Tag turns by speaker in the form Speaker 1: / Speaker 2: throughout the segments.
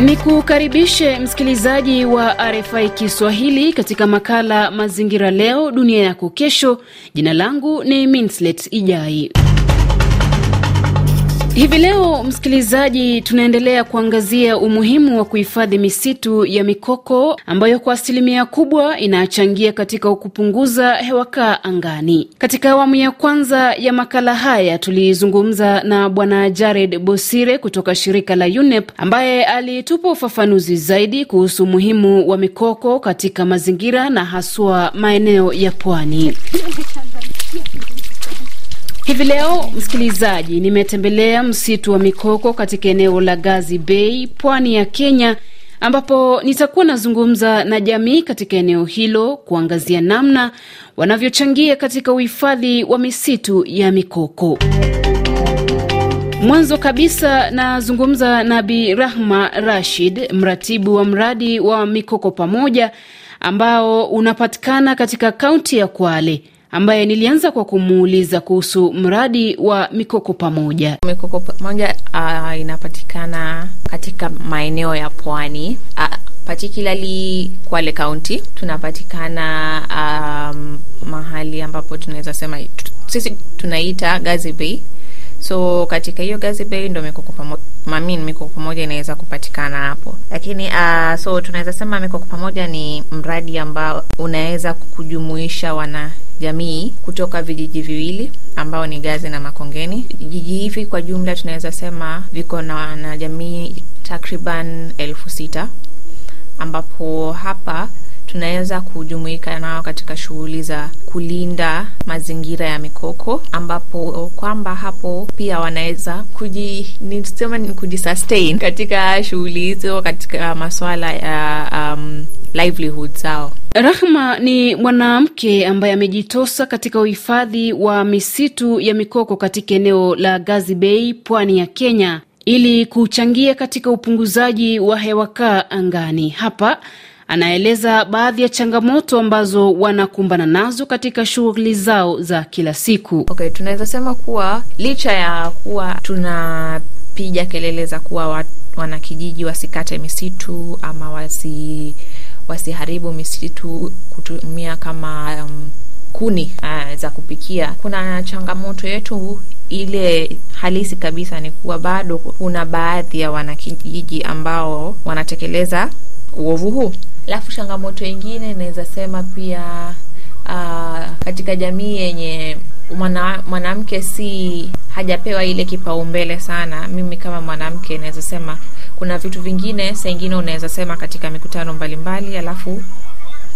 Speaker 1: Ni kukaribishe msikilizaji wa RFI Kiswahili katika makala Mazingira Leo Dunia Yako Kesho. Jina langu ni Minslet Ijai. Hivi leo msikilizaji, tunaendelea kuangazia umuhimu wa kuhifadhi misitu ya mikoko ambayo kwa asilimia kubwa inachangia katika kupunguza hewa kaa angani. Katika awamu ya kwanza ya makala haya tulizungumza na Bwana Jared Bosire kutoka shirika la UNEP ambaye alitupa ufafanuzi zaidi kuhusu umuhimu wa mikoko katika mazingira na haswa maeneo ya pwani. Hivi leo msikilizaji, nimetembelea msitu wa mikoko katika eneo la Gazi Bay, pwani ya Kenya, ambapo nitakuwa nazungumza na jamii katika eneo hilo kuangazia namna wanavyochangia katika uhifadhi wa misitu ya mikoko. Mwanzo kabisa nazungumza na Bi Rahma Rashid, mratibu wa mradi wa Mikoko Pamoja ambao unapatikana katika kaunti ya Kwale ambaye nilianza kwa kumuuliza kuhusu mradi wa mikoko pamoja.
Speaker 2: Mikoko pamoja uh, inapatikana katika maeneo ya pwani uh, particularly Kwale County tunapatikana um, mahali ambapo tunaweza sema sisi tunaita Gazi Bay So katika hiyo Gazi Bay ndo mikoko pamoja mamin mikoko pamoja inaweza kupatikana hapo, lakini uh, so tunaweza sema mikoko pamoja ni mradi ambao unaweza kujumuisha wana jamii kutoka vijiji viwili ambao ni Gazi na Makongeni. Vijiji hivi kwa jumla tunaweza sema viko na wanajamii takriban elfu sita ambapo hapa tunaweza kujumuika nao katika shughuli za kulinda mazingira ya mikoko, ambapo kwamba hapo pia wanaweza kuji, nisema ni kujisustain katika shughuli hizo, katika maswala ya um, livelihood zao. Rahma ni mwanamke ambaye
Speaker 1: amejitosa katika uhifadhi wa misitu ya mikoko katika eneo la Gazi Bay, pwani ya Kenya, ili kuchangia katika upunguzaji wa hewa kaa angani hapa anaeleza baadhi ya changamoto ambazo wanakumbana nazo katika
Speaker 2: shughuli zao za kila siku. Okay, tunaweza sema kuwa licha ya kuwa tunapiga kelele za kuwa wanakijiji wasikate misitu ama wasi wasiharibu misitu kutumia kama um, kuni uh, za kupikia. Kuna changamoto yetu ile halisi kabisa ni kuwa bado kuna baadhi ya wanakijiji ambao wanatekeleza uovu huu. Alafu changamoto ingine naweza sema pia uh, katika jamii yenye mwanamke si hajapewa ile kipaumbele sana, mimi kama mwanamke naweza sema kuna vitu vingine, saa ingine unaweza sema katika mikutano mbalimbali mbali, alafu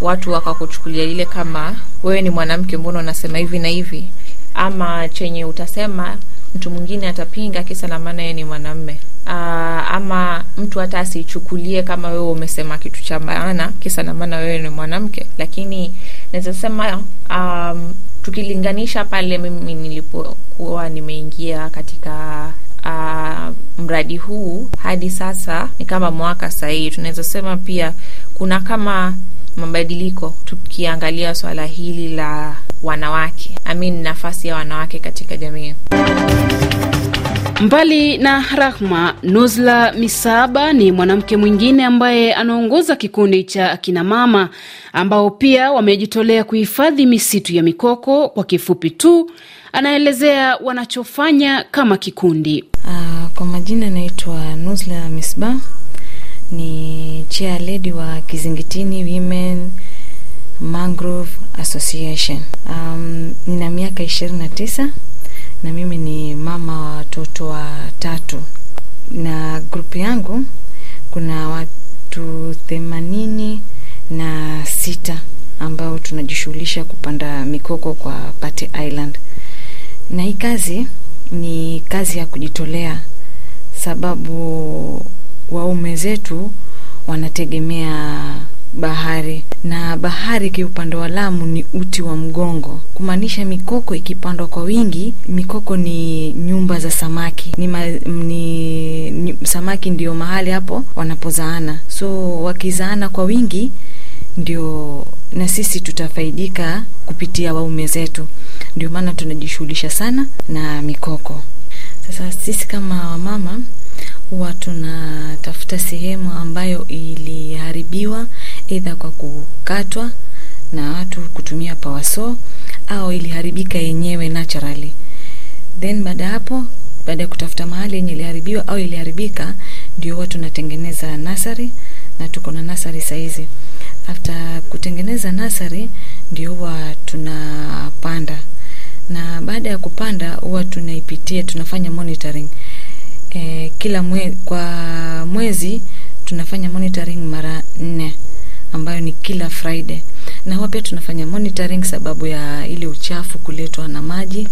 Speaker 2: watu wakakuchukulia ile kama wewe ni mwanamke, mbona unasema hivi na hivi, ama chenye utasema mtu mwingine atapinga kisa na maana ni mwanamme. uh, ama mtu hata asichukulie kama wewe umesema kitu cha maana kisa na maana wewe ni mwanamke, lakini naweza sema um, tukilinganisha pale mimi nilipokuwa nimeingia katika uh, mradi huu hadi sasa ni kama mwaka sahihi tunaweza sema pia kuna kama mabadiliko tukiangalia swala hili la wanawake amini nafasi ya wanawake katika jamii.
Speaker 1: Mbali na Rahma, Nuzla Misaba ni mwanamke mwingine ambaye anaongoza kikundi cha akinamama ambao pia wamejitolea kuhifadhi misitu ya mikoko. Kwa kifupi tu, anaelezea wanachofanya kama kikundi.
Speaker 3: Uh, kwa majina anaitwa Nuzla Misba, ni chair ledi wa Kizingitini Women Mangrove Association. Um, nina miaka ishirini na tisa na mimi ni mama wa watoto tatu, na grupu yangu kuna watu themanini na sita ambao tunajishughulisha kupanda mikoko kwa Pate Island, na hii kazi ni kazi ya kujitolea, sababu waume zetu wanategemea bahari, na bahari kiupande wa Lamu ni uti wa mgongo, kumaanisha mikoko ikipandwa kwa wingi. Mikoko ni nyumba za samaki, ni, ma, ni, ni samaki ndio mahali hapo wanapozaana, so wakizaana kwa wingi ndio na sisi tutafaidika kupitia waume zetu, ndio maana tunajishughulisha sana na mikoko. Sasa sisi kama wamama huwa tunatafuta sehemu ambayo iliharibiwa aidha kwa kukatwa na watu kutumia pawaso au iliharibika yenyewe naturally. Then baada hapo, baada ya kutafuta mahali yenye iliharibiwa au iliharibika, ndio huwa tunatengeneza nasari na tuko na nasari saizi. After kutengeneza nasari, ndio huwa tunapanda, na baada ya kupanda huwa tunaipitia, tunafanya monitoring e, kila mwe, kwa mwezi tunafanya monitoring mara nne ambayo ni kila Friday, na huwa pia tunafanya monitoring sababu ya ile uchafu kuletwa na maji,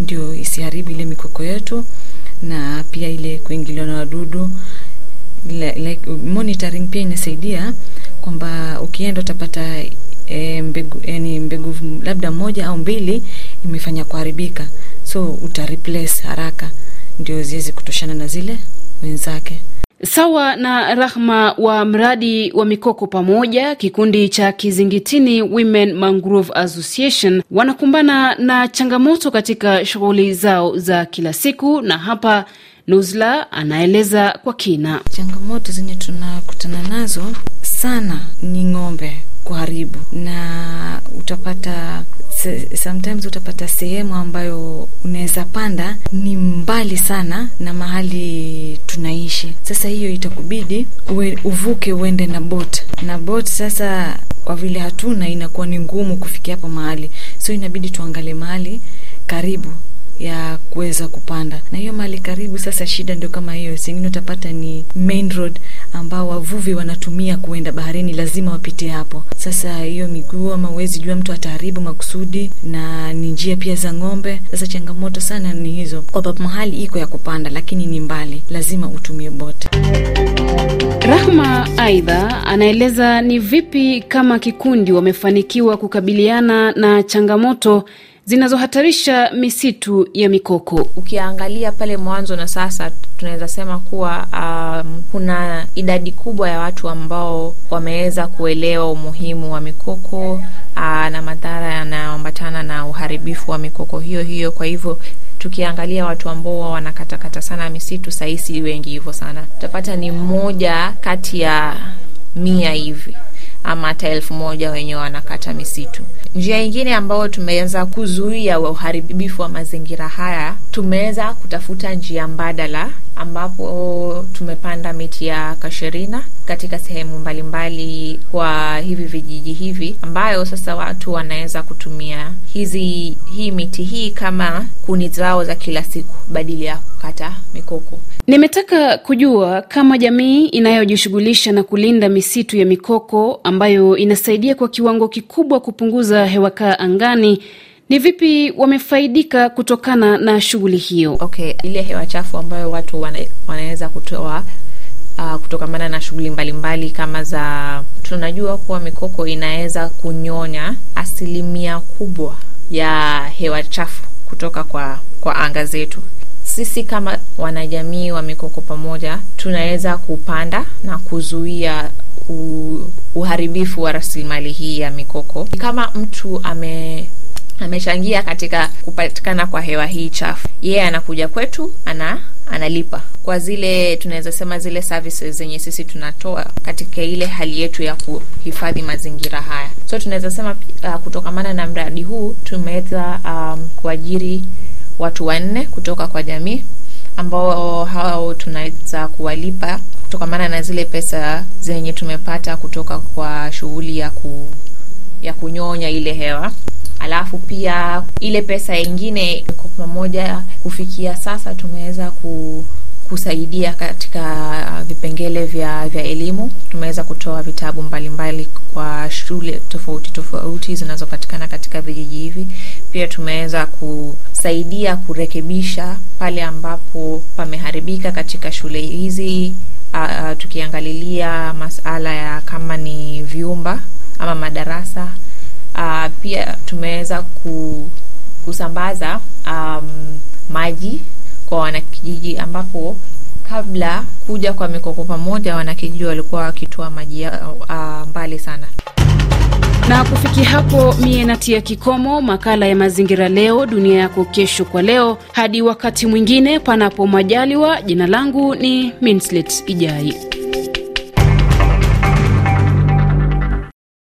Speaker 3: ndio isiharibu ile mikoko yetu, na pia ile kuingiliwa na wadudu like, monitoring pia inasaidia kwamba ukienda utapata e, mbegu, yani e, mbegu labda moja au mbili imefanya kuharibika, so uta replace haraka ndio ziweze kutoshana na zile wenzake.
Speaker 1: Sawa na Rahma wa mradi wa mikoko pamoja, kikundi cha Kizingitini Women Mangrove Association wanakumbana na changamoto katika shughuli zao za kila siku, na hapa
Speaker 3: Nuzla anaeleza kwa kina changamoto zenye tunakutana nazo. Sana ni ng'ombe kuharibu, na utapata Eh, sometimes utapata sehemu ambayo unaweza panda ni mbali sana na mahali tunaishi. Sasa hiyo itakubidi uwe, uvuke uende na bot na bot. Sasa kwa vile hatuna, inakuwa ni ngumu kufikia hapo mahali, so inabidi tuangalie mahali karibu ya kuweza kupanda, na hiyo mali karibu. Sasa shida ndio kama hiyo, singine utapata ni main road ambao wavuvi wanatumia kuenda baharini, lazima wapite hapo. Sasa hiyo miguu ama uwezi jua mtu ataharibu makusudi, na ni njia pia za ng'ombe. Sasa changamoto sana ni hizo, kwamba mahali iko ya kupanda, lakini ni mbali, lazima utumie boti. Rahma aidha
Speaker 1: anaeleza ni vipi kama kikundi wamefanikiwa kukabiliana na changamoto zinazohatarisha misitu ya mikoko.
Speaker 2: Ukiangalia pale mwanzo na sasa, tunaweza sema kuwa um, kuna idadi kubwa ya watu ambao wameweza kuelewa umuhimu wa mikoko uh, na madhara yanayoambatana na uharibifu wa mikoko hiyo hiyo. Kwa hivyo tukiangalia watu ambao wanakatakata sana misitu sahisi wengi hivyo sana, utapata ni mmoja kati ya mia hivi ama hata elfu moja wenye wanakata misitu. Njia ingine ambayo tumeweza kuzuia uharibifu wa mazingira haya, tumeweza kutafuta njia mbadala, ambapo tumepanda miti ya kasherina katika sehemu mbalimbali kwa hivi vijiji hivi, ambayo sasa watu wanaweza kutumia hizi hii miti hii kama kuni zao za kila siku badili ya kukata
Speaker 3: mikoko.
Speaker 1: Nimetaka kujua kama jamii inayojishughulisha na kulinda misitu ya mikoko ambayo inasaidia kwa kiwango kikubwa kupunguza hewa kaa angani
Speaker 2: ni vipi wamefaidika kutokana na shughuli hiyo? Okay, ile hewa chafu ambayo watu wana, wanaweza kutoa uh, ah, kutokamana na shughuli mbalimbali kama za, tunajua kuwa mikoko inaweza kunyonya asilimia kubwa ya hewa chafu kutoka kwa, kwa anga zetu sisi kama wanajamii wa mikoko pamoja tunaweza kupanda na kuzuia uharibifu wa rasilimali hii ya mikoko. Kama mtu ame amechangia katika kupatikana kwa hewa hii chafu, yeye yeah, anakuja kwetu ana analipa kwa zile tunaweza sema zile services zenye sisi tunatoa katika ile hali yetu ya kuhifadhi mazingira haya. So tunaweza sema uh, kutokamana na mradi huu tumeweza um, kuajiri watu wanne kutoka kwa jamii ambao hao tunaweza kuwalipa kutokamana na zile pesa zenye tumepata kutoka kwa shughuli ya ku, ya kunyonya ile hewa. Alafu pia ile pesa yingine kwa pamoja, kufikia sasa tumeweza ku kusaidia katika uh, vipengele vya vya elimu. Tumeweza kutoa vitabu mbalimbali mbali kwa shule tofauti tofauti zinazopatikana katika vijiji hivi. Pia tumeweza kusaidia kurekebisha pale ambapo pameharibika katika shule hizi, uh, uh tukiangalilia masala ya kama ni vyumba ama madarasa. Uh, pia tumeweza ku, kusambaza um, maji kwa wanakijiji ambapo kabla kuja kwa mikoko pamoja wanakijiji walikuwa wakitoa maji mbali sana. Na kufikia hapo, mie natia kikomo makala
Speaker 1: ya mazingira leo, dunia yako kesho kwa leo. Hadi wakati mwingine, panapo majaliwa. Jina langu ni Minslet Ijai.